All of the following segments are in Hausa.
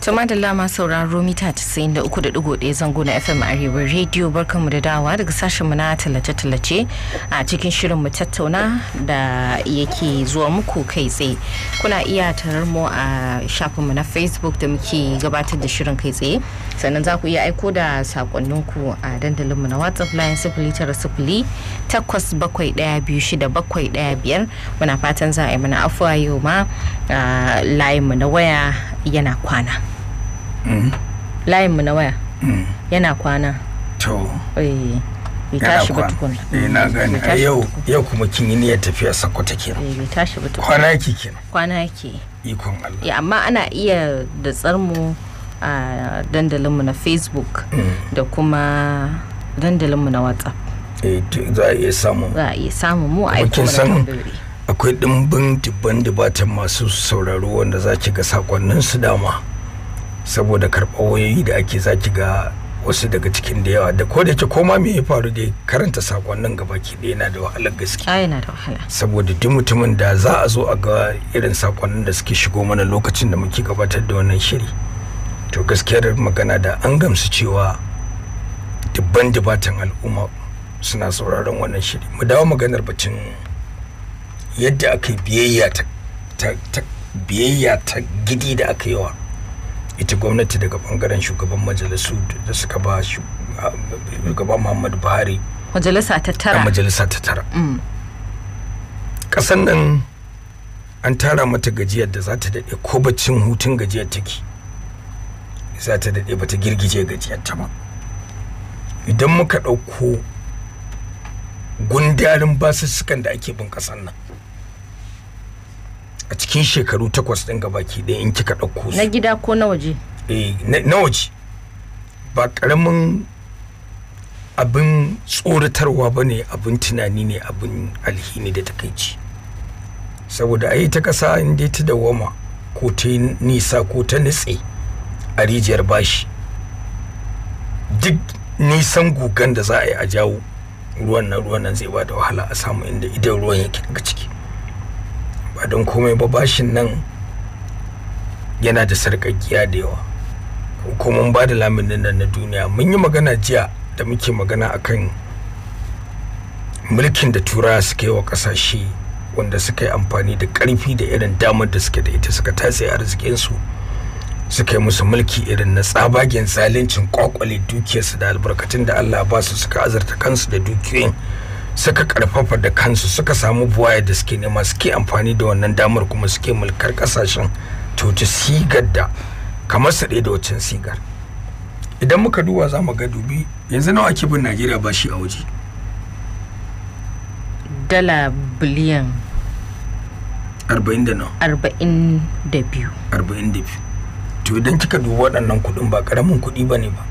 To madalla ma sauraro mita 93.1 zango na FM Arewa Radio barkanmu da dawa daga sashenmu na tallace-tallace a cikin shirin mu tattauna da yake zuwa muku kai tsaye. Kuna iya tarar mu a shafinmu na Facebook da muke gabatar da shirin kai tsaye. Sannan za ku iya aiko da sakonninku a dandalinmu na WhatsApp line sifili tara sifili takwas bakwai ɗaya biyu shida bakwai ɗaya biyar. Muna fatan za a yi mana afuwa yau ma layinmu na waya yana kwana. mu na waya mm. yana kwana to eh, bai tashi ba tukun eh na gani a yau yau kuma kin yi niyyar tafiya sakkwata kenan eh bai tashi ba tukun kwana yake kenan kwana yake ikon Allah ya amma ana iya da tsarmu a mu na facebook mm. da kuma mu na whatsapp eh za a iya samu za a iya samu mu a aikin san akwai dimbin dibban dibatan masu sauraro wanda za ki ga sakonnin su dama saboda karɓar wayoyi da ake zaki ga wasu daga cikin da yawa da ko da yake koma me ya faru da karanta sakonnin gabaki da yana da wahalar gaske yana da wahala saboda duk mutumin da za a zo a ga irin sakonnin da suke shigo mana lokacin da muke gabatar da wannan shiri to gaskiyar magana da an gamsu cewa dubban dubatan al'umma suna sauraron wannan shiri mu dawo maganar batun yadda aka biyayya ta biyayya ta gidi da aka yi wa ita gwamnati daga bangaren shugaban majalisu da suka ba shugaban muhammadu buhari majalisa ta tara majalisa ta tara mm. kasan nan an tara mata gajiyar da za ta daɗe ko baccin hutun gajiyar take za ta daɗe ba ta girgije gajiyar ta ba idan muka ɗauko gundarin basussukan da ake bin kasan nan a cikin shekaru takwas ɗin gabaki ɗaya in kika ɗauko su na gida ko na waje eh na waje ba ƙaramin abin tsoratarwa ba ne abin tunani ne abin alhini da takaici saboda a yi ta ƙasa inda ta dawama ko ta nisa ko ta nitse a rijiyar bashi duk nisan gugan da za a yi a jawo ruwan nan ruwan nan zai bada wahala a samu inda idan ruwan yake daga ciki ba don komai ba bashin nan yana da sarƙaƙiya da yawa hukumar ba da laminin nan na duniya mun yi magana jiya da muke magana akan mulkin da turawa suka yi wa ƙasashe wanda suka yi amfani da ƙarfi da irin damar da suke da ita suka tatse arzikinsu suka yi musu mulki irin na tsabagen zalincin kwakwale dukiyarsu da albarkatun da allah ba su suka azarta kansu da dukiyoyin suka karfafa da kansu suka samu buwaya da suke nema suke amfani da wannan damar kuma suke mulkar kasashen coci sigar da kamar su da wacin sigar idan muka duba za mu ga dubi yanzu nawa ake bin najeriya ba shi a waje dala biliyan 42 42 to idan kika duba waɗannan kuɗin ba ƙaramin kuɗi ba ne ba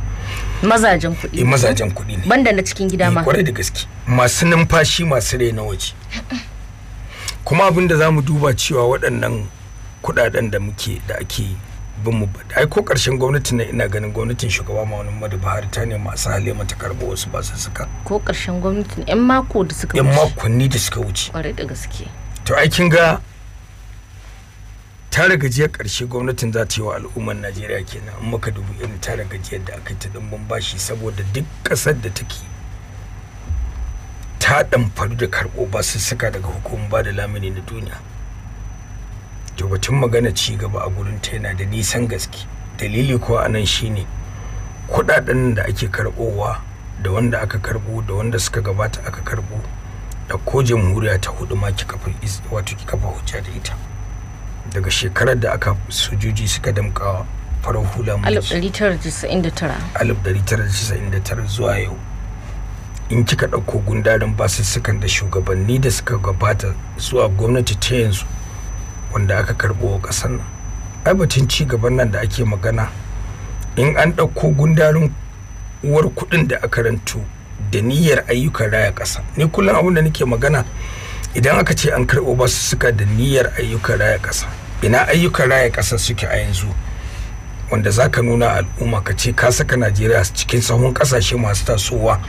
mazajen kuɗi eh, mazajen kuɗi ne banda na cikin gida eh, ma kwarai da gaske masu numfashi masu rai na waje kuma abin da zamu duba cewa waɗannan kuɗaɗen da muke da ake bin mu ba ai ko ƙarshen gwamnati ne ina ganin gwamnatin shugaba Muhammadu Buhari ta ne masu hali mata karɓo wasu ba su suka ko ƙarshen ne yan mako da suka wuce yan makonni da suka wuce kwarai da gaske to ai kin ga tara gajiyar ƙarshe gwamnatin za ta yi wa al'ummar najeriya kenan in muka dubu irin tara gajiyar da aka yi ta ɗumbin bashi saboda duk ƙasar da take ta faru da karɓo basussuka daga hukumar ba da lamini na duniya to batun magana ci gaba a gurin ta yana da nisan gaske dalili kuwa anan shine kuɗaɗen da ake karɓowa da wanda aka karɓo da wanda suka gabata aka karɓo da ko jamhuriya ta hudu ma kika wato kika hujja da ita daga shekarar da aka sojoji suka damka farar hula mulki 1999 zuwa yau in kika ɗauko gundarin basussukan da shugabanni da suka gabata zuwa gwamnati ta yanzu wanda aka karɓo wa ƙasar nan ai batun ci gaban nan da ake magana in an ɗauko gundarin uwar kuɗin da aka rantu da niyyar ayyukan raya ƙasa ni kullum abin da nake magana idan aka ce an karɓo basussuka da niyyar ayyukan raya ƙasa ina ayyukan raya ƙasar suke a yanzu wanda zaka ka nuna al'umma ka ce ka saka najeriya cikin sahun ƙasashe masu tasowa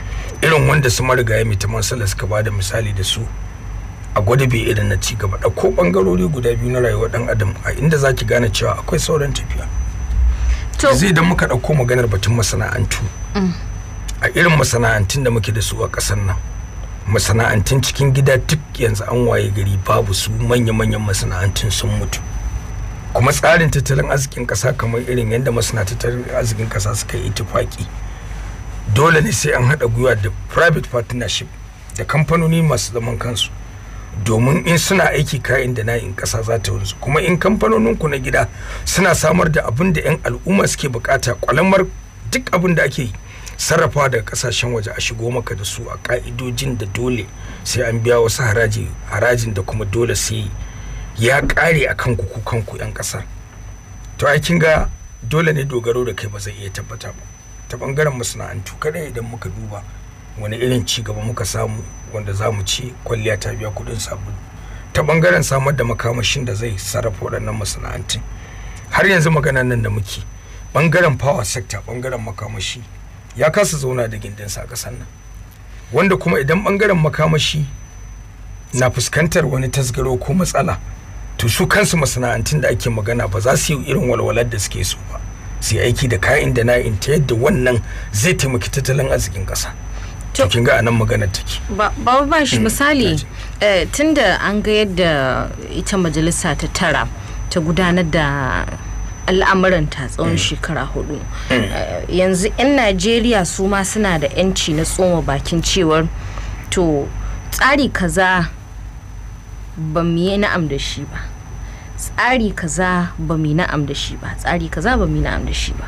irin wanda su marigaya mutumin sallar suka ba da misali da su a gwada bai irin na ci gaba ɗauko ɓangarori guda biyu na rayuwar ɗan adam a inda zaki gane cewa akwai sauran tafiya yanzu da muka ɗauko maganar batun masana'antu a irin masana'antun da muke da su a ƙasar nan masana'antun cikin gida duk yanzu an waye gari babu su manya-manyan masana'antun sun mutu kuma tsarin tattalin arzikin kasa kamar irin yadda masana tattalin arzikin kasa suka yi tufaki dole ne sai an haɗa gwiwa da private partnership da kamfanoni masu zaman kansu domin in suna aiki kayan da nayin kasa za ta wanzu kuma in kamfanoninku na gida suna samar da abin da 'yan al'umma suke bukata kwalamar duk abin da ake sarrafa daga kasashen waje a shigo maka da su a ka'idojin da dole sai an biya wasu harajin da kuma dole sai ya ƙare a kanku ku kanku 'yan ƙasar to ai kin ga dole ne dogaro da kai ba zai iya tabbata ba ta bangaren masana'antu kadai idan muka duba wani irin ci gaba muka samu wanda za mu ci kwalliya ta biya kuɗin sabulu ta bangaren samar da makamashin da zai sarrafa waɗannan masana'antun har yanzu maganan nan da muke bangaren power sector bangaren makamashi ya kasa zauna da gindin sa ƙasar nan wanda kuma idan bangaren makamashi na fuskantar wani tasgaro ko matsala to su kansu masana'antun da ake magana ba za su yi irin walwalar da suke so ba sai aiki da kayan da na'in ta yadda wannan zai taimaki tattalin arzikin kasa to kin ga anan magana take ba ba ba shi hmm, misali eh, tunda an ga yadda ita majalisa ta tara ta gudanar da ta tsawon hmm. shekara hudu hmm. eh, yanzu 'yan najeriya su ma suna da 'yanci na tsoma bakin cewar to tsari kaza ba mu yi na'am da shi ba tsari kaza ba mu na'am da shi ba tsari kaza ba mu na'am da shi ba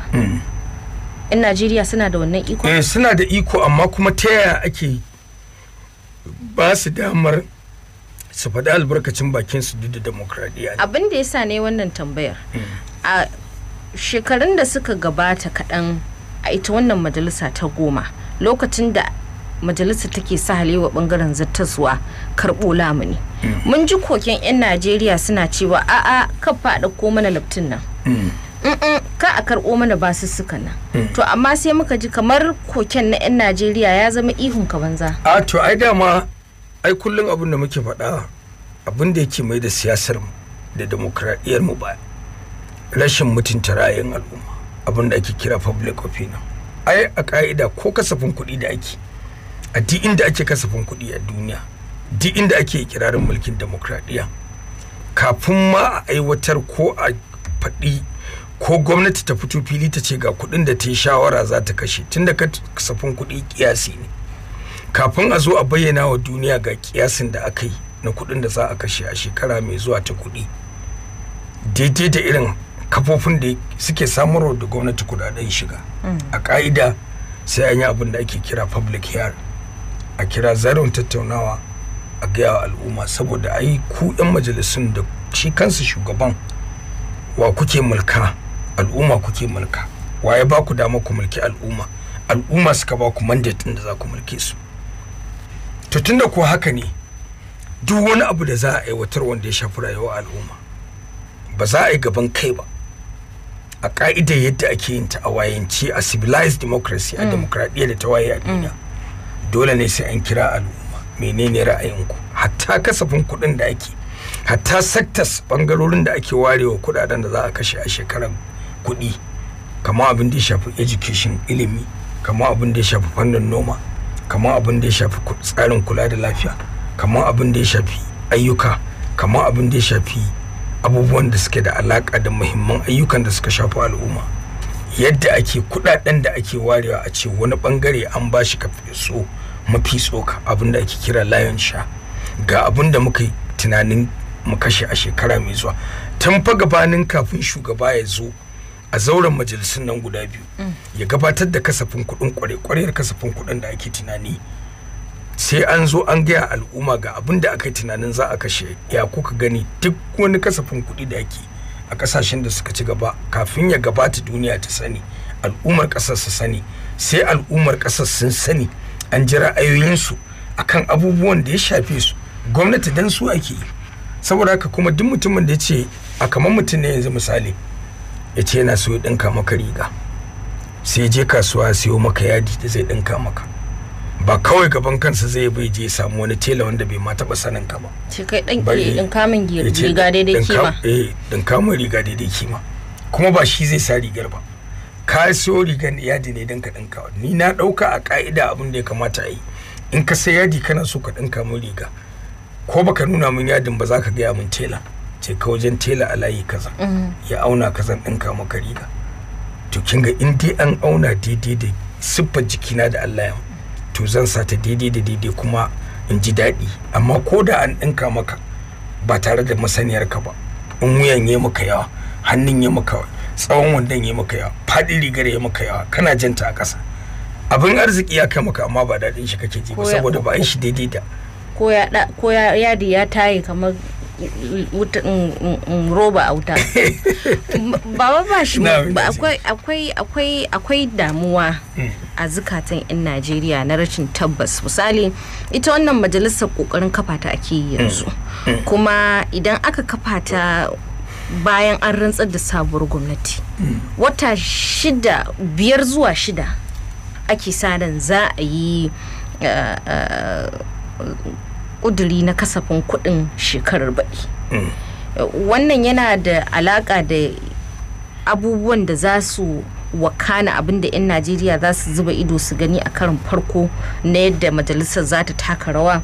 in najeriya suna da wannan iko eh suna da iko amma kuma ta yaya ake ba su damar su faɗi albarkacin bakin su duk da demokradiyya abin da yasa ne wannan tambayar a shekarun da suka gabata kaɗan a ita wannan majalisa ta goma lokacin da majalisar take sa halewa bangaren zattaswa karbo lamuni mun ji koken 'yan najeriya suna cewa a'a ka a ko mana laftin nan mm. ka a karɓo mana basussuka nan mm. to amma sai muka ji kamar koken na 'yan najeriya ya zama ihun ka banza a to ai dama ai kullum abin da muke faɗa abin da yake mai da siyasar mu da demokradiyyar mu ba rashin mutunta ra'ayin al'umma abin da ake kira public opinion ai a ka'ida ko kasafin kuɗi da ake a duk inda ake kasafin kuɗi a duniya duk inda ake kirarin mulkin demokradiyya kafin ma a aiwatar ko a faɗi ko gwamnati ta fito fili ta ce ga kuɗin da ta yi shawara za ta kashe tunda kasafin kuɗi kiyasi ne kafin a zo a bayyana wa duniya ga kiyasin da aka yi na kuɗin da za a kashe a shekara mai zuwa ta kuɗi daidai da irin kafofin da suke samarwa da gwamnati kudaden shiga mm. a ƙa'ida sai an yi abin da ake kira public hearing a kira zaren tattaunawa a gaya al'umma saboda ai ku 'yan majalisun da shi kansu shugaban wa kuke mulka al'umma kuke mulka ya ba ku dama ku mulki al'umma al'umma suka ba ku mandatin da za ku mulke su to tunda ko haka ne duk wani abu da za a aiwatar wanda ya shafi rayuwar al'umma ba za a yi gaban kai ba a ka'idar yadda ake yin ta a wayance a civilized democracy a mm. demokradiyya da ta waye a duniya dole ne sai an kira al'umma menene ra'ayinku hatta kasafin kuɗin da ake hatta sectors bangarorin da ake warewa kuɗaɗen da za a kashe a shekarar kuɗi kama abin da ya shafi education ilimi kama abin da ya shafi fannin noma kama abin da ya shafi tsarin kula da lafiya kama abin da ya shafi ayyuka kama abin da ya shafi abubuwan da suke da alaƙa da muhimman ayyukan da suka shafi al'umma yadda ake kuɗaɗen da ake warewa a ce wani bangare an ba shi so mafi tsoka abin da ake kira lion sha ga abun da muka tunanin mu kashe a shekara mai zuwa tun fa gabanin kafin shugaba ya zo a zauren majalisun nan guda biyu mm. ya gabatar da kasafin kuɗin kware-kwarewar kasafin kuɗin da ake tunani sai an zo an gaya al'umma ga abin da aka tunanin za a kashe ya kuka gani duk wani kasafin kuɗi da ake a ƙasashen da suka ci gaba kafin ya gabata duniya ta sani al'ummar ƙasar su sani sai al'ummar ƙasar sun sani an ji ra'ayoyinsu akan abubuwan da ya shafe su gwamnati dan su ake yi saboda haka kuma duk mutumin da ya ce a kamar mutum ne yanzu misali ya ce yana so ya ɗinka maka riga sai je kasuwa siyo maka yadi da zai ɗinka maka ba kawai gaban kansa zai bai je samu wani tela wanda bai ma taɓa sanin ka ba ce kai ɗan ɗinka riga daidai kima eh ɗinka riga daidai kima kuma ba shi zai sa rigar ba ka siyo rigan yadi ne don ka ɗinka ni na ɗauka a ka'ida abin da ya kamata a yi in ka sai yadi kana so ka ɗinka mun riga ko baka nuna mun yadin ba za ka gaya mun tela ce ka wajen tela a layi kaza mm. ya auna kaza ɗinka maka riga to kin ga in dai an auna daidai da siffar jikina da Allah ya to zan sa ta daidai da daidai kuma in ji daɗi amma ko da an ɗinka maka ba tare da masaniyar ka ba in wuyan ya maka yawa hannun ya maka tsawon wandon ya maka yawa faɗin rigar ya maka yawa kana janta a ƙasa abin arziki ya kai maka amma ba daɗin shi kake ji ba saboda ba shi daidai da ko ya ya yadi ya taye kamar roba a wuta ba ba shi ba akwai akwai akwai damuwa hmm. a zukatan 'yan najeriya na rashin tabbas misali ita wannan majalisar kokarin kafa ta ake hmm. yanzu hmm. kuma idan aka kafa ta bayan an rantsar da sabuwar gwamnati wata shida biyar zuwa shida ake sadan za a yi kuduri eh, eh, na kasafin kudin shekarar baki wannan yana da alaƙa da abubuwan da za su wakana abin da 'yan najeriya za su zuba ido su gani a karin farko na yadda majalisar za ta taka rawa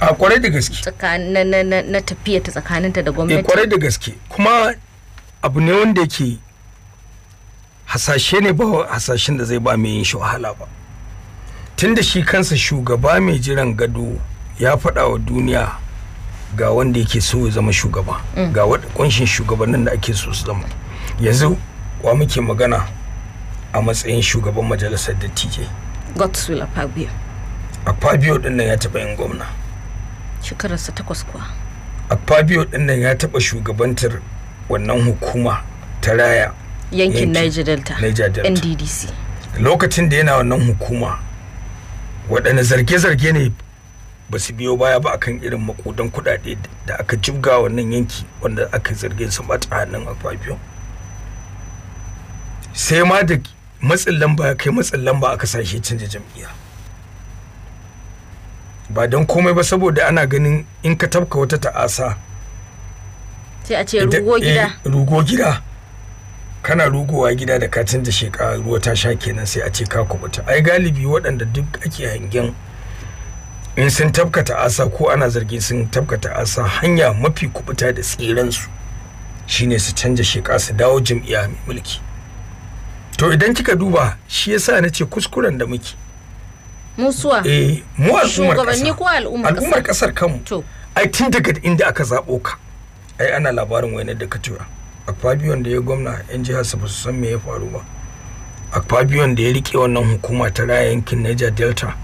a kwarai da gaske na tafiya ta tsakaninta da gwamnati eh, kwarai da gaske kuma abu ne wanda yake hasashe ne ba hasashen da zai ba mai yin shi wahala ba tun da shi kansa shugaba mai jiran gado ya faɗa wa duniya ga wanda yake so ya zama shugaba mm. ga kunshin shugabannin da ake so su zama yanzu wa muke magana a matsayin shugaban majalisar dattijai godswill a fabio din nan ya taɓa yin gwamna shekararsa takwas kuwa a fabio dinnan ya taba shugabantar wannan hukuma ta raya yankin niger delta nddc lokacin da yana wannan hukuma waɗanne zarge-zarge ne ba su biyo baya ba akan irin makudan kudade da aka jibga wannan yanki wanda aka zargin su mata hannun akwabiyo sai ma da matsin lamba ya kai matsin lamba aka sashe canja jam'iyya ba don komai ba saboda ana ganin in ka tafka wata ta'asa sai a ce rugo eh, gida rugo gida kana rugowa gida da ka canza sheka ruwa ta sha kenan sai a ce ka kubuta ai galibi waɗanda duk ake hangen in sun tafka ta'asa ko ana zargi sun tafka ta'asa hanya mafi kubuta da tsiransu shine su canza sheka su dawo jam'iyya mai mulki to idan kika duba shi yasa na ce kuskuren da muke musuwa eh mu al'ummar shugabanni ko al'ummar kasar kanmu to ai tun daga inda aka zaɓo ka ai ana labarin wainar da ka tura akfabiyon da ya gwamna yan jihar su su san me ya faru ba akfabiyon da ya rike wannan hukuma ta raya yankin Niger Delta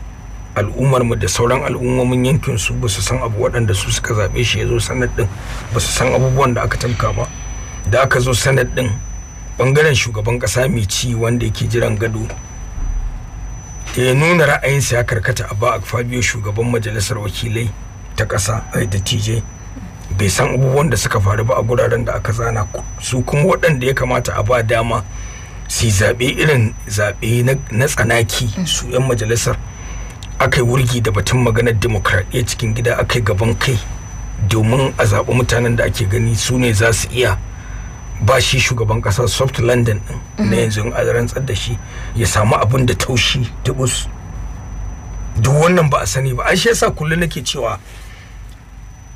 al'ummar mu da sauran al'ummomin yankin su ba su san abu waɗanda su suka zabe shi ya zo sanad din ba su san abubuwan da aka tanka ba da aka zo sanad din bangaren shugaban kasa mai ci wanda yake jiran gado da ya nuna ra'ayinsa ya karkata a ba fabio shugaban majalisar wakilai ta ƙasa eh, da tj bai san abubuwan da suka faru ba a guraren da aka zana su kuma waɗanda ya kamata a ba dama su zaɓe irin zaɓe na tsanaki su 'yan majalisar aka yi wurgi da batun maganar demokradiyya cikin gida aka yi gaban kai domin a zaɓi mutanen da ake gani su ne za su iya ba shi shugaban kasa soft london din na mhm. yanzu a rantsar da shi ya samu abin da taushi tubus duk wannan ba a sani ba ai shi yasa kullum nake cewa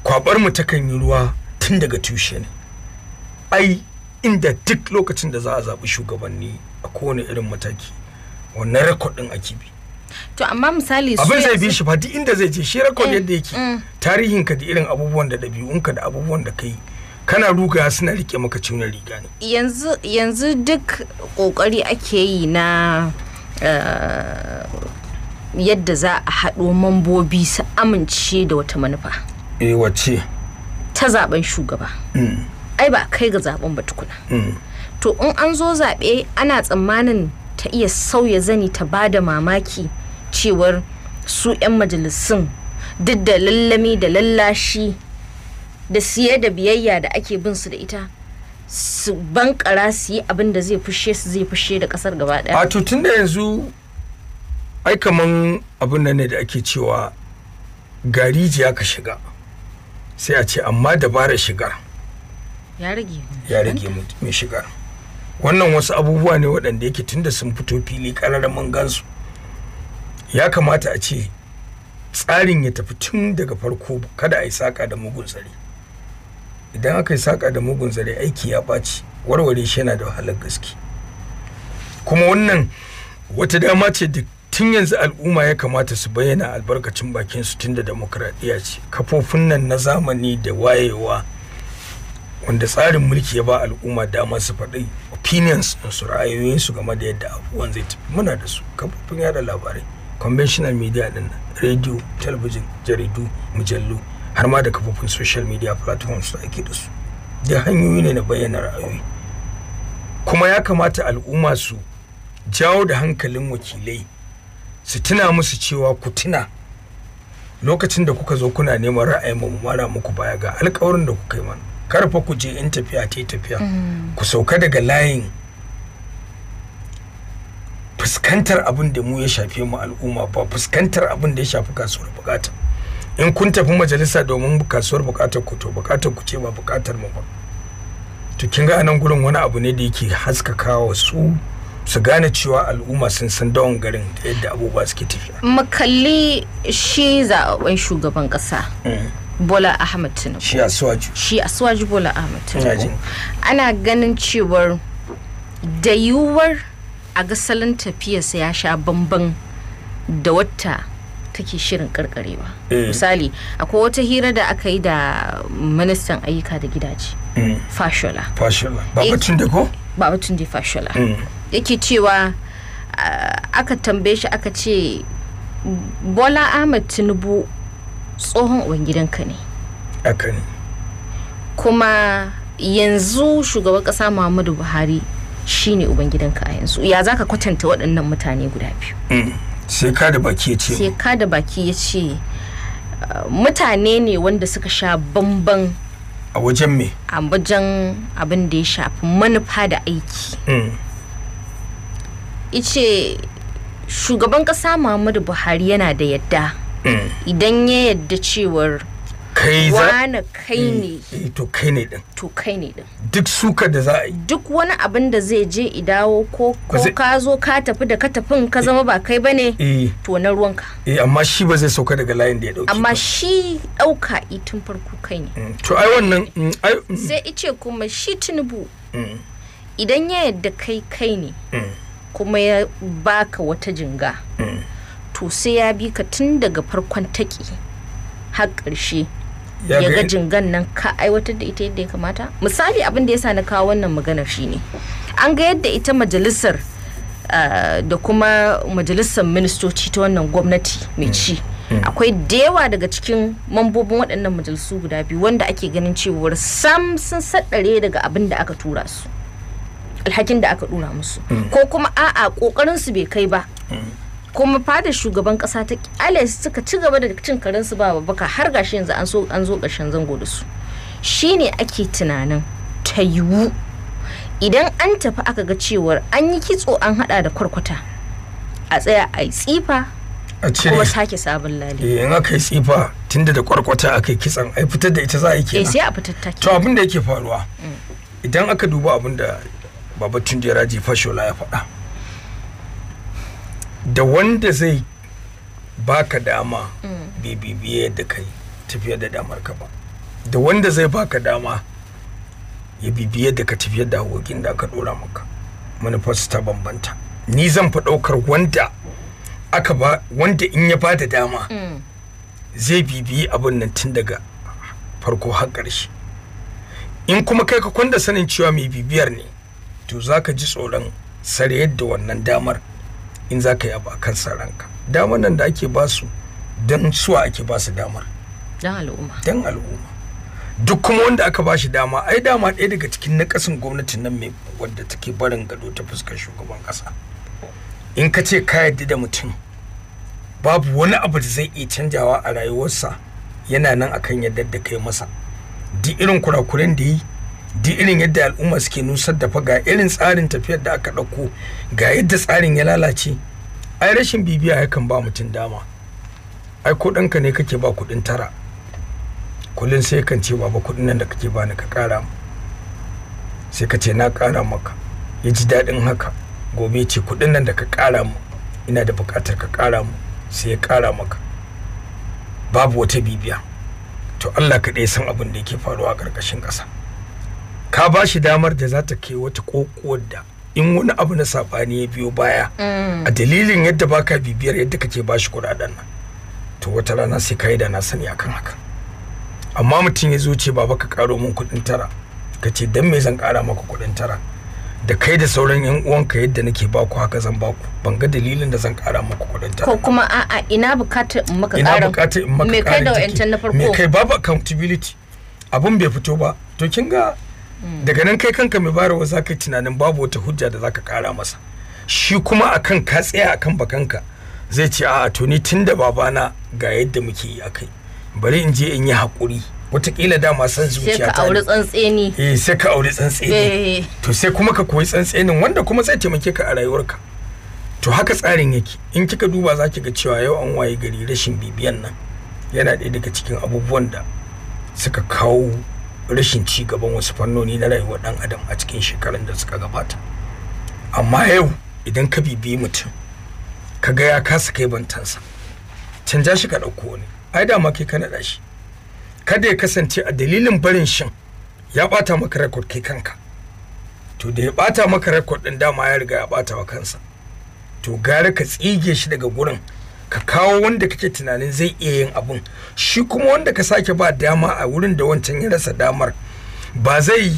kwabar mu ta kan yi ruwa tun daga tushe ne ai inda duk lokacin da za a zaɓi shugabanni a kowane irin mataki wannan rekod din ake bi to amma misali abin zai bi shi ba duk inda zai je shi rekod eh, yadda yake mm. tarihin ka da irin abubuwan da ɗabi'unka da abubuwan da kai kana ruga suna rike maka ciwon riga ne yanzu yanzu duk kokari ake yi na eh, yadda za a haɗo mambobi su amince da wata manufa eh wace ta zaben shugaba mm. ai ba kai ga zaben ba tukuna mm. to in an zo zaɓe ana tsammanin ta iya sauya zani ta ba da mamaki cewar su 'yan majalisun duk da lallami da lallashi da siye da biyayya da ake bin su da ita su bankara su yi abin da zai fushe su zai fushe da kasar gaba daya a tutun da yanzu ai kaman abin nan ne da ake cewa ji ka shiga sai a ce amma dabarar shigar ya rage ya rage mai shigar wannan wasu abubuwa ne waɗanda yake tunda sun fito fili ƙararramin gansu ya kamata a ce tsarin ya tafi tun daga farko kada a yi saƙa da mugun tsari idan aka yi saƙa da mugun zare aiki ya ɓaci warware shi yana da wahalar gaske kuma wannan wata dama ce da tun yanzu al'umma ya kamata su bayyana albarkacin bakin su tun da demokradiyya ce kafofin nan na zamani da wayewa wanda tsarin mulki ya ba al'umma dama su faɗi opinions su ra'ayoyinsu game da yadda abubuwan zai tafi muna da su kafofin yada labarai conventional media din rediyo radio talabijin jaridu mujallu har ma da kafofin social media platforms da ake da su da hanyoyi ne na bayyana ra'ayoyi kuma ya kamata al'umma su jawo da hankalin wakilai su tuna musu cewa ku tuna lokacin da kuka zo kuna neman ra'ayin mu mara muku baya ga alkawarin da kuka yi mana kar fa ku je in tafiya ta tafiya mm. ku sauka daga layin fuskantar abin da mu ya shafe mu al'umma ba fuskantar abin da ya shafi kasuwar bukata in kun tafi majalisa domin kasuwar bukatar ku to bukatar ku ce ba bukatar mu ba to kin ga anan gurin wani abu ne da yake haskaka wa su su gane cewa al'umma sun san dawon garin da yadda abubuwa suke tafiya mu kalli shi zaɓen shugaban ƙasa mm. bola ahmad tinubu shi Aswaju shi Aswaju bola ahmad tinubu ana ganin cewar da yiwuwar a ga salon tafiyarsa ya sha bamban da wata take shirin karkarewa eh. misali akwai wata hira da aka yi da ministan ayyuka da gidaje mm. fashola fashola babatun da ko babatun da fashola mm. yake cewa aka tambaye shi aka ce bola ahmad tinubu tsohon ubangidanka ne kuma yanzu shugaban kasa muhammadu buhari shine ubangidanka a yanzu ya zaka kwatanta waɗannan mutane guda biyu mm. seka da baki ya ce da baki ya ce mutane ne wanda suka sha bamban a wajen me a wajen abin da ya shafi manufa da aiki mm. ice shugaban kasa muhammadu buhari yana da yadda mm. idan ya yadda cewar kai za wani kai eh, ne eh, to kai ne din to kai ne din duk suka da za a yi duk wani abin da zai je i dawo ko ko ka zo ka tafi da ka tafin ka eh. zama ba kai bane to na ruwanka eh amma shi ba zai sauka daga layin da ya dauki amma shi dauka i tun farko kai ne mm, to ai wannan mm, mm. sai ice kuma shi tunubu idan ya yadda kai kai ne kuma ya baka wata jinga to sai ya bi ka tun daga farkon taki har ƙarshe ya ga jingan nan ka aiwatar da ita yadda ya kamata misali abin da ya sa na kawo wannan maganar shi ne. an ga yadda ita majalisar eh, da kuma majalisar ministoci ta wannan gwamnati mai ci hmm. Hmm. akwai da yawa daga cikin mambobin waɗannan majalisu guda biyu wanda ake ganin cewar sam sun saɗare daga abin da aka tura su alhakin da aka tura musu hmm. ko kuma a'a su bai kai ba kuma fadar shugaban kasa ta kyale suka ci gaba da cin su ba babbaka har gashi yanzu an so an zo ƙarshen zango da su shine ake tunanin ta yiwu idan an tafi aka ga cewar an yi kitso an hada da kwarkwata a tsaya a yi tsifa kuma sake sabon lale eh, in aka yi tsifa tunda da kwarkwata aka yi kitsan ai fitar da ita za a yi eh, kenan sai a fitar ta to abin da yake faruwa mm. idan aka duba abin da baba tunjera jefa shola ya faɗa da wanda zai baka dama mm. bai bibiye da kai tafiyar da damar ka ba da wanda zai baka dama ya bibiye da ka tafiyar da hakokin da aka dora maka manufarsu ta bambanta ni zan fi ɗaukar wanda aka ba wanda in ya ba da dama mm. zai bibiyi abin nan tun daga farko har ƙarshe in kuma kai ka kwanda sanin cewa mai bibiyar ne to za ka ji tsoron sare yadda wannan damar in za ka yi abu a kan ranka damar nan da ake ba su don suwa ake ba su damar don al'umma duk kuma wanda aka ba shi dama ai dama ɗaya daga cikin nakasin gwamnatin nan mai wadda take barin gado ta fuskar shugaban ƙasa in ka ce ka yadda da mutum babu wani abu da zai iya canjawa a rayuwarsa yana nan akan yadda da kai masa duk irin kurakuren da yi duk irin yadda al'umma suke nusar da fa ga irin tsarin tafiyar da aka ɗauko ga yadda tsarin ya lalace ai rashin bibiya yakan ba mutum dama ai ko ɗanka ne kake ba kuɗin tara kullum sai kan ce baba kuɗin nan da kake ba ni ka ƙara sai ka ce na ƙara maka ya ji daɗin haka gobe ce kuɗin nan da ka ƙara mu ina da buƙatar ka ƙara mu sai ya ƙara maka babu wata bibiya to Allah ka kaɗai san abin da yake faruwa a ƙarƙashin ƙasa ka ba shi damar da za ta kai wata kokowar da in wani abu na sabani ya biyo baya mm. a dalilin yadda ba ka bibiyar yadda kake ba shi kudaden nan to wata rana sai ka yi da na sani akan haka amma mutum ya zo ce baba ka karo min kudin tara ka ce don me zan kara maka kudin tara da kai da sauran yan uwanka yadda nake ba ku haka zan ba ku ban ga dalilin da zan kara maka kudin tara ko kuma a'a ina bukatar in maka kara ina bukatar in maka ƙarin me kai da wayancan na farko me kai babu accountability abun bai fito ba to kin ga daga nan kai kanka mai bayarwa za ka tunanin babu wata hujja da za ka kara masa shi kuma a kan ka tsaya kan bakanka zai ce a'a to ni tun da babana ga yadda muke yi a kai bari in je in yi haƙuri watakila dama san zuciya ta ne. auri tsantseni eh sai ka auri tsantseni eh. to sai kuma ka koyi tsantsenin wanda kuma zai taimake ka a rayuwarka to haka tsarin yake in kika duba za ki ga cewa yau an waye gari rashin bibiyan nan yana ɗaya daga cikin abubuwan da suka kawo rashin ci gaban wasu fannoni na rayuwar dan adam a cikin shekarun da suka gabata amma yau idan ka bibiyi mutum ka ga ya kasa kai bantansa canja shi ka ɗauko ne ai ma kai ka naɗa shi kada ya kasance a dalilin barin shin ya ɓata maka rekod kai kanka to da ya ɓata maka rekod ɗin dama ya riga ya ɓata wa kansa to gara ka tsige shi daga gurin ka kawo wanda kake tunanin zai iya yin abun shi kuma wanda ka sake ba dama a wurin da wancan ya rasa damar ba zai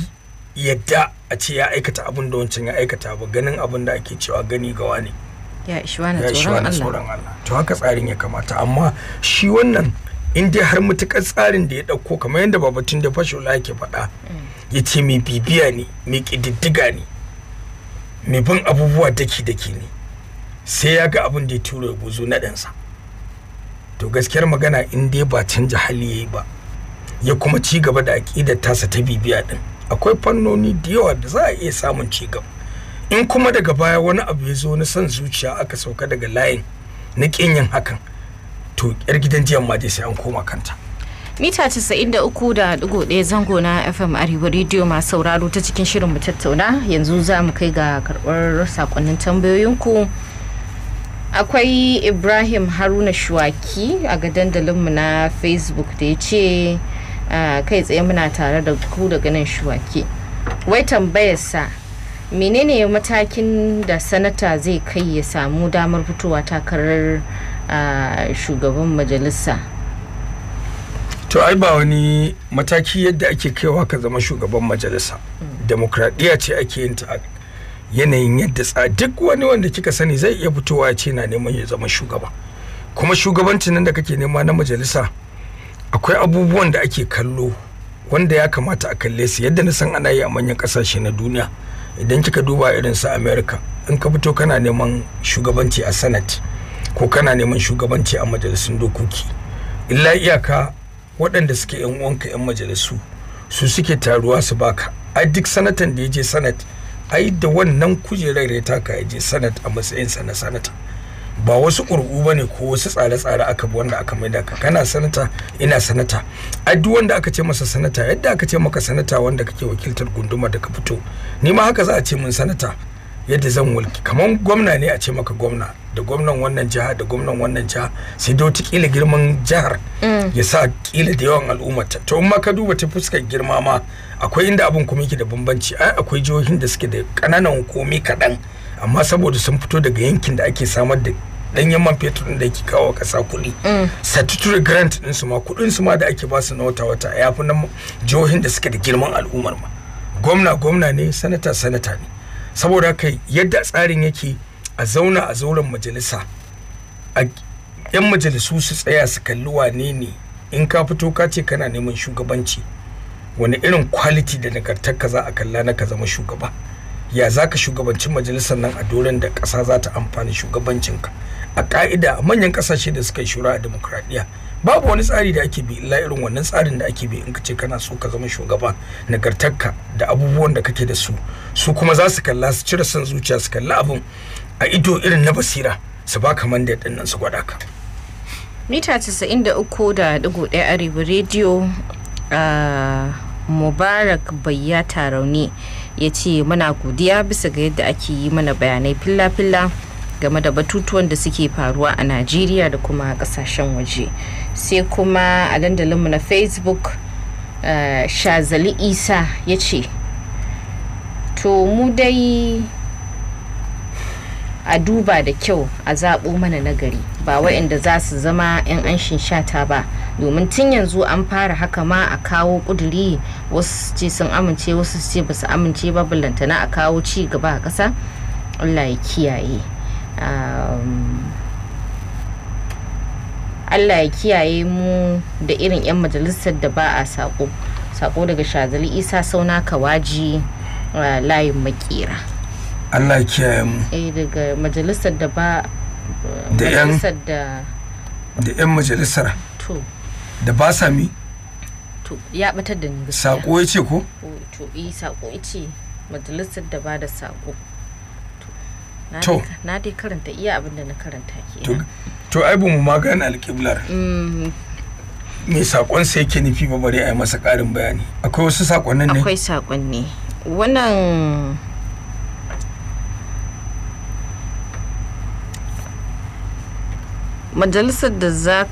yadda a ce ya aikata abun da wancan ya aikata ba ganin abun da ake cewa gani gawa ne ya ishi wani tsoron Allah to haka tsarin ya kamata amma shi wannan in dai har mutukar tsarin da ya ɗauko kamar yadda babatun da fashola yake faɗa mm. ya ce mai bibiya ne mai ƙididdiga ne mai bin abubuwa daki-daki ne sai ya ga abin da ya tura ya buzo na ɗansa to gaskiyar magana in dai ba canja hali ya yi ba ya kuma ci gaba da aƙidar tasa ta bibiya ɗin akwai fannoni da yawa da za a iya samun ci gaba in kuma daga baya wani abu ya zo na son zuciya aka sauka daga layin na ƙin hakan to yar gidan jiyan ma sai an koma kanta mita 93.1 zango na fm arewa rediyo masu sauraro ta cikin shirin mu tattauna yanzu za mu kai ga karɓar sakonnin tambayoyinku akwai ibrahim haruna shuwaki a ga dandalinmu na facebook da ya ce ah, kai tsaye muna tare da ku daga nan shuwaki wai tambayarsa menene matakin da sanata zai kai ya samu damar fitowa takarar ah, shugaban majalisa to ai ba wani mataki yadda ake kaiwa ka zama shugaban majalisa mm. demokradiyya ce ake yin ta yanayin yadda tsa duk wani wanda kika sani zai iya fitowa ya ce na neman ya zama shugaba kuma shugabanci nan da kake nema na majalisa akwai abubuwan da ake kallo wanda ya kamata a kalle su yadda na san ana yi a manyan kasashe na duniya idan kika duba irin su america in ka fito kana neman shugabanci a senate ko kana neman shugabanci a majalisun dokoki illa iyaka waɗanda suke yan uwanka yan majalisu su suke taruwa su baka a duk sanatan da ya je senate ai da wannan kujerar da ya taka ya je sanat a matsayinsa na sanata ba wasu ƙurƙu ba ne ko wasu tsare-tsare aka bi wanda aka maida ka kana sanata ina sanata ai duk wanda aka ce masa sanata yadda aka ce maka sanata wanda kake wakiltar gunduma da ka fito ni ma haka za a ce min sanata yadda zan walki kamar gwamna ne a ce maka gwamna da gwamnan wannan jiha da gwamnan wannan jiha sai da wata girman jihar mm. Mm. ya sa kila da yawan al'ummar ta to ma ka duba ta fuskar girma ma akwai inda abin kuma yake da bambanci ai akwai jihohin da suke da kananan hukumi kaɗan amma saboda sun fito daga yankin da ake samar da danyen man fetur da yake kawo kasa kuɗi mm. statutory grant din su ma kuɗin su ma da ake ba su na wata wata ya fi nan jihohin da suke da girman al'ummar ma gwamna gwamna ne sanata sanata ne saboda haka yadda tsarin yake a zauna a zauren majalisa 'yan majalisu su tsaya su kalli wane ne in ka fito ka ce kana neman shugabanci wani irin kwaliti da nagartarka za a kalla na ka zama shugaba ya za ka shugabanci majalisar nan a doron da ƙasa za ta amfani shugabancinka a ƙa'ida a manyan ƙasashe da suka yi shura a demokradiyya babu wani tsari da ake bi illa irin wannan tsarin da ake bi in ka ce kana so ka zama shugaba nagartarka da abubuwan da kake da su su kuma za su kalla su cire son zuciya su kalla abin a ido irin na basira su baka mandate ɗin nan su gwada ka. mita 93.1 arewa rediyo a mubarak bayya tarauni ya ce muna godiya bisa ga yadda ake yi mana bayanai filla-filla game da batutuwan da suke faruwa a najeriya da kuma kasashen waje sai kuma a dandalinmu na facebook shazali isa ya ce to mu dai a duba da kyau a zaɓo mana nagari ba waɗanda za su zama 'yan an shata ba domin tun yanzu an fara haka ma a kawo ƙuduri wasu ce sun amince wasu ce ba su amince ba ballantana a kawo ci gaba a ƙasa allah ya kiyaye allah ya kiyaye mu da irin 'yan majalisar da ba a sako sako daga shazali isa sauna kawaji layin makera Allah kiyaye mu eh daga majalisar da ba da yan da yan majalisar to da ba sami to ya batar da ni gaskiya sako yace ko to eh sako yace majalisar da ba da sako to na dai karanta iya abin da na karanta ke to ai bu mu magana alƙiblar mm-hmm. me sakon sai ke nufi ba bari a yi masa ƙarin bayani akwai wasu sakonnin ne akwai sakon ne wannan majalisar da za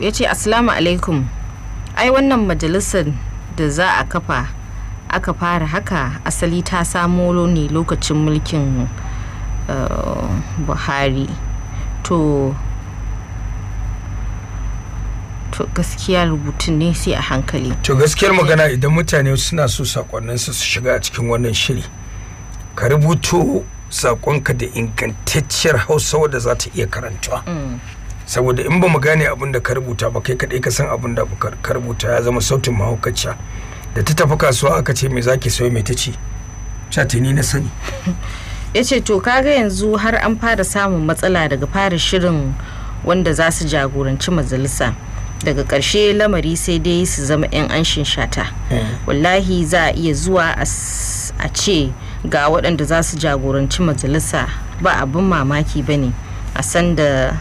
ya ce asalamu alaikum ai wannan majalisar da za a kafa aka fara haka asali ta samo ne lokacin mulkin eh, buhari to gaskiya rubutun ne sai a hankali to gaskiyar magana idan mutane suna so sakonninsu su shiga cikin wannan shiri ka rubuto sakonka da ingantacciyar hausa wadda za ta iya karantuwa mm. saboda in ba mu gane abin da ka rubuta ba kai kaɗai ka san abin da ka rubuta ya zama sautin mahaukaciya da ta tafi kasuwa aka ce me zaki sayo me ta ce ta ni na sani ya ce to kaga yanzu har an fara samun matsala daga fara shirin wanda za su jagoranci majalisa daga ƙarshe lamari sai dai su zama 'yan anshin shata eh. wallahi za a iya zuwa a ce ga waɗanda za su jagoranci majalisa ba abin mamaki ba ne a sanda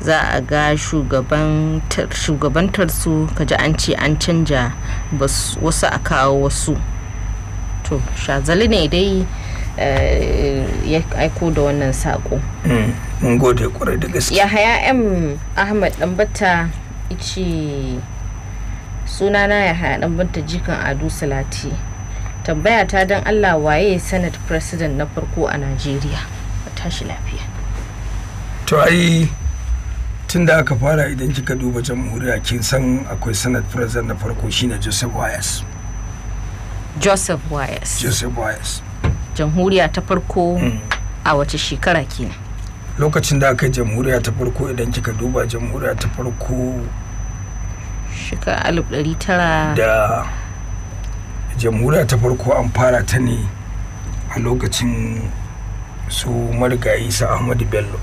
za a ga shugabantar su ji an ce an canja wasu a kawo wasu to shazali ne dai eh, ya aiko da wannan saƙo mm, mun gode kwarai da gaske yahaya m ahmad ɗanbata ice sunana yahaya ɗanbata jikan ado salati tambaya ta don allah waye senate president na farko a najeriya a tashi lafiya to ai tun da aka fara idan kika duba jamhuriya kin san akwai senate president na farko shine joseph wires joseph wires joseph wires jamhuriya ta farko mm. a wace shekara kenan lokacin da aka yi jamhuriya ta farko idan kika duba jamhuriya ta farko shekara 1900 da jamhuriya ta farko an fara ta ne a lokacin su marigayi sa ahmadu bello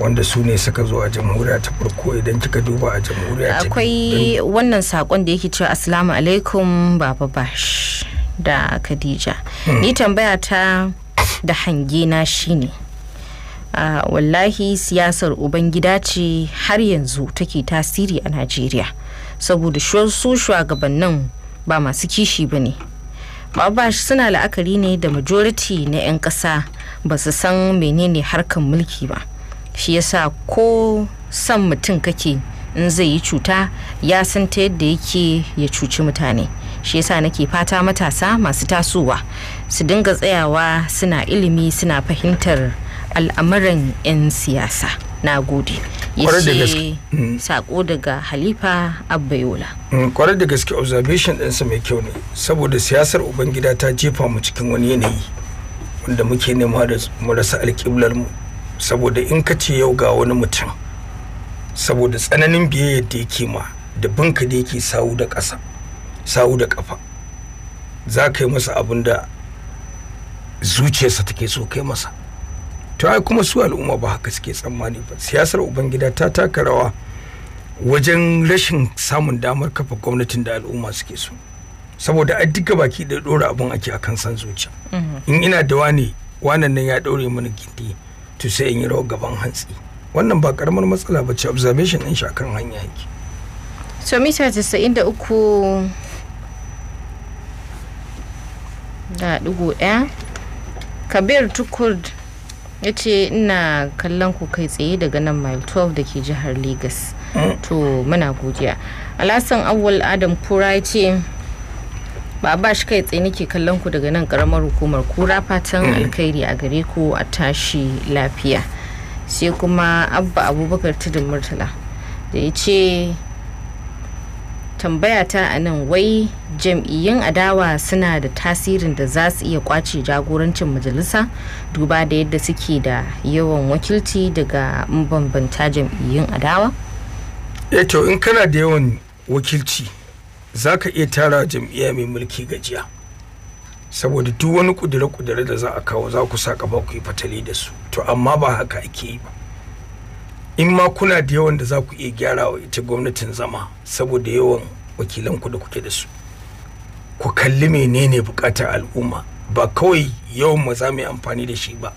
wanda su ne suka zo a jamhuriya ta farko idan kika duba a jamhuriya ta akwai wannan sakon da yake cewa assalamu alaikum baba bash da khadija hmm. ni tambaya ta da hange na shine uh, wallahi siyasar ubangida ce har yanzu take tasiri a najeriya saboda su shugabannin ba masu kishi ba ne mabash suna la'akari ne da majority na 'yan kasa ba su san menene harkar mulki ba shi yasa ko san mutum kake in zai yi cuta ya san ta yadda yake ya cuci mutane shi yasa nake fata matasa masu tasowa su dinga tsayawa suna ilimi suna fahimtar al'amuran 'yan siyasa na gode yace mm. sako daga halifa abbayola mm, kwarar da gaske observation ɗinsa mai kyau ne saboda siyasar ubangida ta jefa mu cikin wani yanayi wanda muke nema da mu rasa alƙiblar mu saboda in ka ce yau ga wani mutum saboda tsananin biyayya da yake ma da binka da yake sawu da ƙasa sawu da ƙafa za ka yi masa abin da zuciyarsa take so kai masa ta kuma su al'umma ba haka suke tsammani ba siyasar ubangida ta taka rawa wajen rashin samun damar kafa gwamnatin da al'umma suke so saboda a duka baki da dora abin ake akan san zuciya mhm. in ina da wani wannan nan ya ɗaure mana gindi to sai in yi rawa gaban hantsi wannan ba karamar matsala ba ce observation din shi akan hanya yake so mita 93 da ɗigo ɗaya kabir tukurd ya ce ina kallon ku kai tsaye daga nan mile 12 da ke jihar lagos to muna godiya alasan awwal adam kura ya ce ba ba shi kai tsaye nake kallon ku daga nan karamar hukumar kura fatan alkhairi a gare ku a tashi lafiya sai kuma abba abubakar tudun murtala da ya ce tambaya ta a nan wai jam'iyyun adawa suna da tasirin da za su iya kwace jagorancin majalisa duba da yadda suke da yawan wakilci daga mabambanta jam'iyyun adawa? Eh to in kana da yawan wakilci za ka iya tara jam'iyya mai mulki gajiya saboda duk wani kudure-kudure da za a kawo za ku saka ba ku yi fatali da su to amma ba haka ake yi ba in ma kuna da yawan da za ku iya gyara wa ita gwamnatin zama saboda yawan wakilanku da kuke da su ku kalli menene bukatar al'umma ba kawai yawan mu za mu yi amfani da shi ba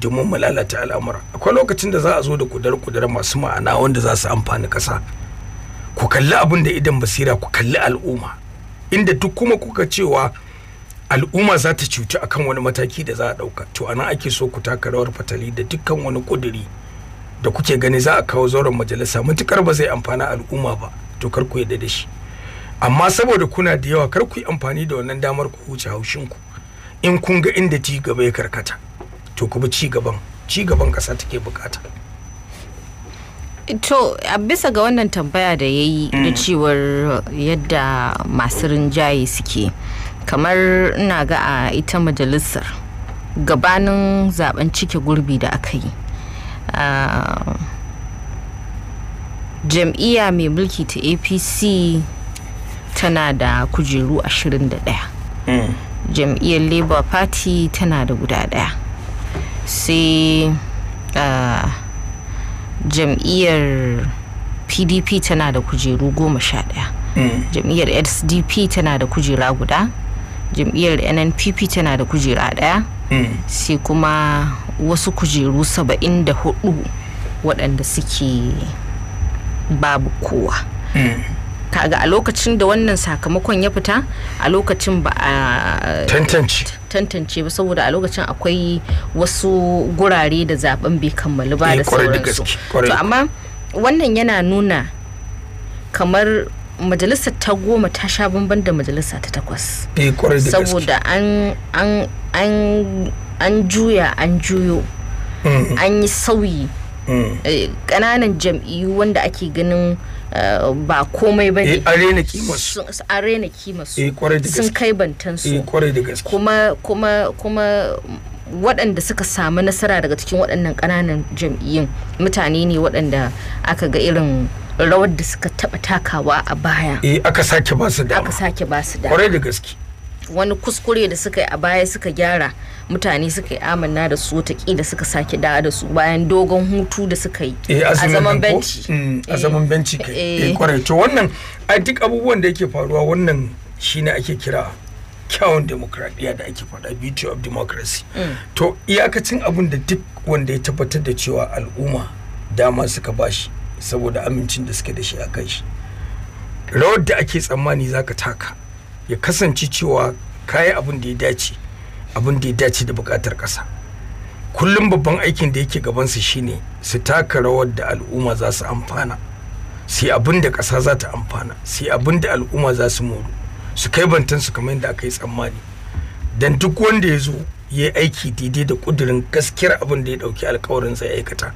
domin mu lalata al'amura akwai lokacin da za a zo da kudar kudar masu ma'ana wanda za su amfani kasa ku kalli abin da idan basira ku kalli al'umma inda duk kuma kuka cewa al'umma za ta cuci akan wani mataki da za a ɗauka to anan ake so ku taka rawar fatali da dukkan wani ƙuduri da kuke gani za a kawo zauren majalisa matukar ba zai amfana al'umma ba to kar ku yarda da shi amma saboda kuna da yawa kar ku yi amfani da wannan damar ku huce ku in kun ga inda ci gaba ya karkata to ku bi ci gaban ci gaban ƙasa take bukata to a bisa ga wannan tambaya da ya yi da mm. cewar yadda masu rinjaye suke kamar ina ga a ita majalisar gabanin zaben cike gurbi da aka yi jam'iyya mai mulki ta apc tana da kujeru 21 hmm. jam'iyyar labour party tana da guda daya sai ah, jam'iyyar pdp tana da kujeru 11 hmm. jam'iyyar sdp tana da kujera guda jam'iyyar nnpp tana da kujera daya hmm. sai kuma wasu kujeru 74 waɗanda suke babu kowa kaga a lokacin da wannan sakamakon ya fita a lokacin ba a tantance tantance ba saboda a lokacin akwai wasu gurare da zaben bai kammalu ba eh, da sauransu to amma wannan yana nuna kamar majalisar ta goma ta sha bamban da majalisa ta takwas eh, saboda an an an an juya an juyo mm-hmm. an yi sauyi mm. eh, ƙananan jam'iyyu wanda ake ganin ba komai ba ne eh, arena kimasu arena kimasu sun eh, kai bantansu eh, kuma kuma kuma waɗanda suka samu nasara daga cikin waɗannan ƙananan jam'iyyun mutane ne waɗanda aka ga irin rawar da suka taɓa takawa a baya eh aka sake ba su dama aka sake ba su dama kwarai da gaske wani kuskure da suka yi a baya suka gyara mutane suka yi amanna da su watakila da suka sake da da su bayan dogon hutu da suka yi eh, a zaman benci mm, eh. kai eh. to wannan a duk abubuwan da yake faruwa wannan shi shine ake kira kyawun demokradiyya da ake faɗa beauty of democracy mm. to iyakacin abin da duk wanda ya tabbatar da cewa al'umma dama suka bashi saboda amincin da suke da shi a kan shi rawar da ake tsammani zaka taka ya kasance cewa kayi abin da ya dace abin da ya dace da bukatar ƙasa kullum babban aikin da yake gabansu shine su taka rawar da al'umma za su amfana sai abin da ƙasa za ta amfana sai abin da al'umma za su moru su kai bantan su kamar yadda aka yi tsammani dan duk wanda ya zo ya yi aiki daidai da kudurin gaskiyar abin da ya ɗauki alkawarin zai aikata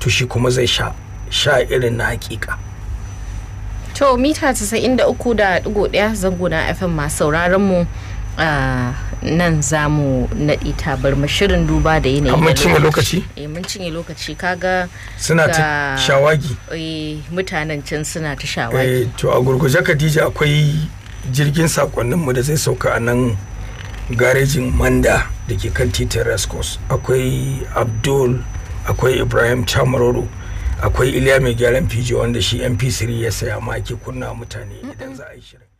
to shi kuma zai sha sha irin na hakika. to mita 93.1 zango na fm masu sauraron mu ah, nan za mu naɗi tabar shirin duba da yanayi mun cinye lokaci eh mun cinye lokaci kaga suna ta shawagi eh mutanen can suna ta shawagi eh to a gurguje Khadija akwai jirgin sakonnin mu da zai sauka a nan garejin Manda da ke kan titin Rescos akwai Abdul akwai Ibrahim Chamaroro akwai Iliya mai gyaran fijo wanda shi MP3 ya saya ma ake kunna mutane idan za a yi shirin